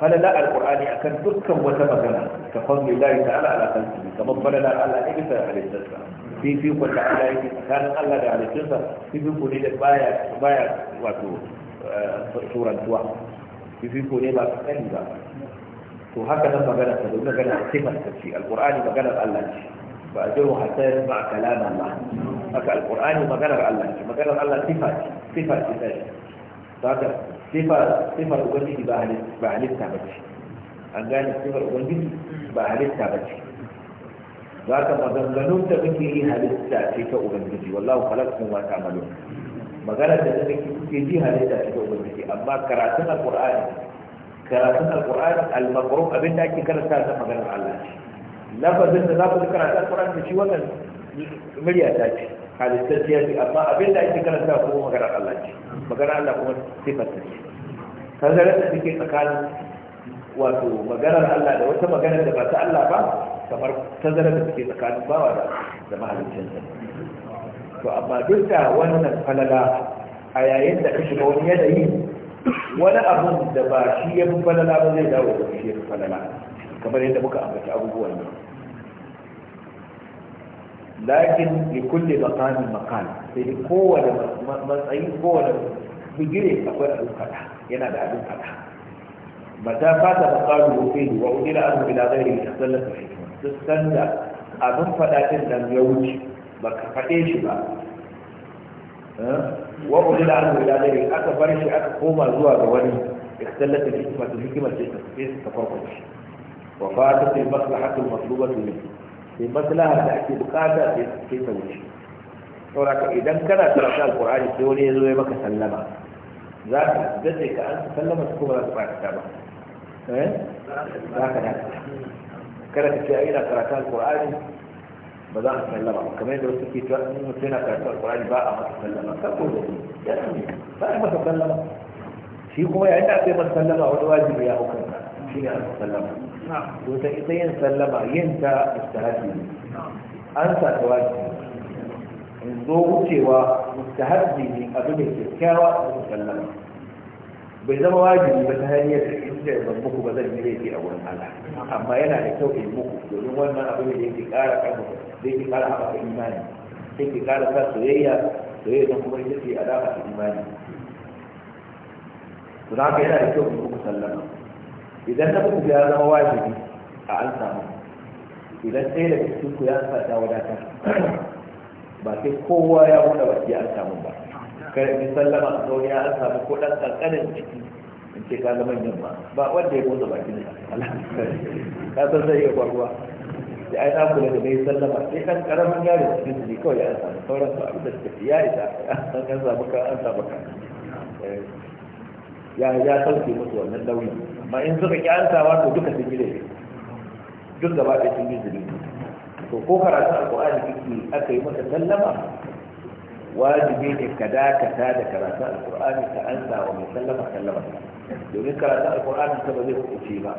فلا لا القرآن أكن تذكم وتمكنا كفضل الله تعالى على خلقه كما فلا لا على إبسا على الجزء في في قد على كان الله على الجزء في في قد إلى بايا بايا واتو سورة في في قد إلى to haka nan magana ta domin magana ta sifar ta ce alqur'ani maganar Allah ce ba a jiru hatta ya ba kalam Allah haka alqur'ani maganar Allah ce maganar Allah sifa ce sifa ce ta shi haka sifa sifar ubangiji ba halitta ba halitta ba ce an gane sifar ubangiji ba halitta ba ce za ka maganganun da muke yi halitta ce ta ubangiji wallahu khalaqakum wa ta'malun Maganar da kuke ji halitta ce ta ubangiji amma karatun alqur'ani karatun alkur'ani al-maqru abin da ake karanta ta maganar Allah lafazin da za ku karanta alkur'ani da shi wannan murya ta ce halittacciya ce amma abin da ake karanta kuma maganar Allah ce maganar Allah kuma sifar ta ce tazarar da suke tsakanin wato maganar Allah da wata maganar da ba ta Allah ba kamar tazarar da suke tsakanin bawa da da mahaliccinsa to amma duk da wannan falala a yayin da ka shiga wani yanayi wani abun da ba shi ya fi falala ba zai dawo da shi ya fi falala kamar yadda muka ambaci abubuwan nan lakin li kulli maqamin maqal sai da kowane matsayi kowane bigire akwai abin fada yana da abin fada mata fata maqalu wa fi wa da zai ila sallar da shi duk sanda abin fada din nan ya wuce ka fade shi ba eh, wa udila anhu da ghairi aka bar shi aka koma zuwa ga wani ikhtallat al-hikma al-hikma ce ta sai ta farko shi wa fatat al-maslahatu al-matlubatu minhu sai maslaha da ake bukata sai sai ta wuce saboda idan kana karanta alqur'ani sai wani ya zo ya maka sallama za ka dace ka an sallama su kuma za ka fara ba eh za ka dace kada ka ce ina karanta alqur'ani ba za ka sallama ba kamar yadda wasu ke cewa in mutum yana karatu alkurani ba a masa sallama kan ko ba a masa sallama shi kuma yayin da aka yi masa sallama wani wajibi ya hukunta shi ne a masa sallama to ta ita yin sallama yin ta istihadi ne an sa ta wajibi in zo wucewa istihadi ne abu ne kyakkyawa a masa sallama bai zama wajibi ba ta hanyar da inda ban muku ba zan yi laifi a wurin Allah amma yana da kyau in muku domin wannan abu ne da yake ƙara ƙarfafa sai ki kara haɓaka imani sai ki kara sa soyayya soyayya don kuma ita ce alama ta imani to za haka yana da kyau ku sallama idan na kuku ya zama wajibi a an samu idan sai da cikin ku ya sa ta wadatar ba sai kowa ya wuce baki ya samu ba kar in sallama a sauri ya an samu ko dan kankanin ciki in ce ka zama yamma ba wanda ya buɗe bakin ka ka san sai iya faruwa da ai na kula da mai sallama sai kan karamin yaro cikin su ne kawai ya samu sauran su abin da suka ci ya isa an kan samu ka an samu ka eh, ya ya sauke musu wannan nauyi amma in suka ki an samu to duka sun yi laifi duk gaba ɗaya sun gire to ko karatu alƙur'ani kike aka yi maka sallama wajibi ne ka dakata da karatu alƙur'ani ka ansa wa mai sallama sallama domin karatu alƙur'ani ka ba zai hukunce ba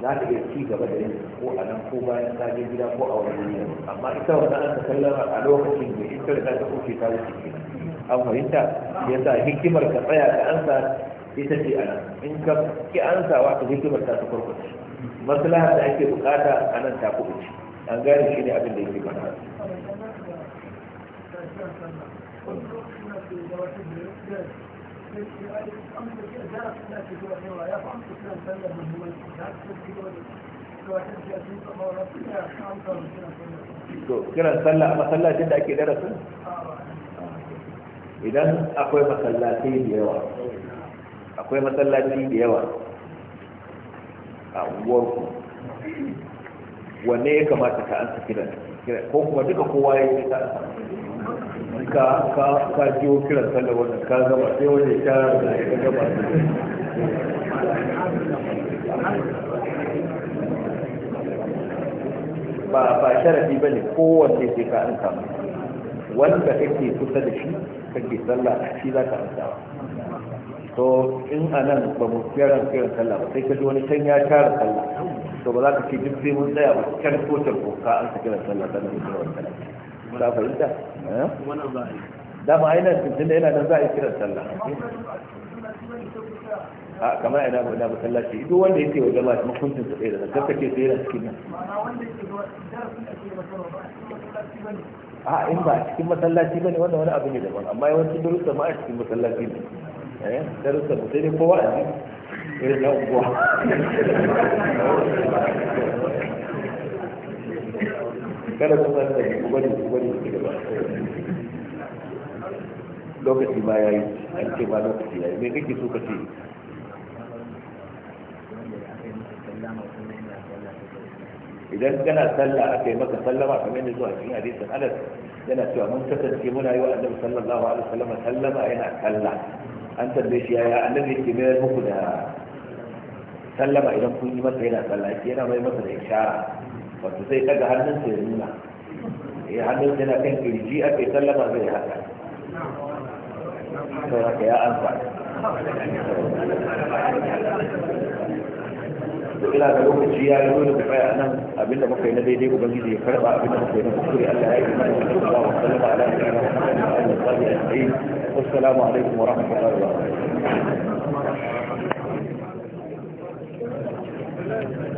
za ta iya ci gaba da yin ko a nan ko bayan ta je gida ko a wani duniya amma ita wanda an ta sallama a lokacin da ita da ta kuke ta wuce ke an fahimta yasa hikimar ka tsaya ka ansa ita ce a nan in ka ki ansa ta hikimar ta ta kurkuce maslaha da ake bukata a nan ta kuɓuce an gane shi ne abin da yake mana Thank you. to kiran sallah a masallacin da ake darasin idan akwai masallaci da yawa akwai masallaci da yawa a unguwarku wanne ya kamata ka ansa kiran ko kuma duka kowa ya yi ta ansa ka jiwo kiran sallar wannan ka gaba sai wani ya kyara da ya gaba ba ba sharafi ba ne kowanne sai ka an samu wanda kake kusa da shi kake sallah shi za ka an samu to in a nan ba mu kiran kiran sallah ba sai ka ji wani can ya kyara sallah to ba za ka ce duk sai mun tsaya ba can ko ko ka an sa kiran sallah sannan mu kiran sallah ka fahimta eh? dama ainihin tuntun da yana nan za a yi kiran sallah a kamar ina ba masallaci duk wanda yake wajen ba hukuncin su ɗaya da nan kake sai yana cikin nan a in ba a cikin masallaci bane wannan wani abu ne daban amma yawancin darussa ma a cikin masallaci ne eh darussa mu sai dai kowa a ji irin na unguwa kada ku san da ku bari ku bari ku gaba lokaci ba yayi an ce ba lokaci yayi me kake so ka ce idan kana sallah aka yi maka sallama kamar da zuwa cikin hadisin anas yana cewa mun kasance muna yi wa annabi sallallahu alaihi wasallam sallama yana sallah an tambaye shi yaya annabi yake mayar muku da sallama idan kun yi masa yana sallah yake yana mai masa da ishara wato sai daga hannun sai nuna ya hannun sai na kan kirji a kai sallama zai haka to haka ya an ansa ila da lokaci ya yi dole tsaya fara nan abinda muka yi na daidai ubangiji ya karba abinda muka yi na kuskure Allah ya yi mana sallallahu alaihi wa sallam ala nabiyina Muhammadin wa alihi wa sahbihi ajma'in assalamu alaikum wa rahmatullahi wa barakatuh